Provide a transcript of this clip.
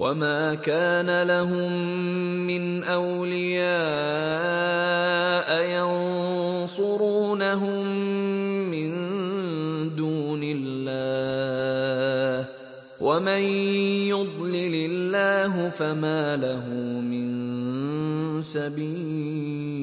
وما كان لهم من اولياء ينصرونهم من دون الله ومن يضلل الله فما له من سبيل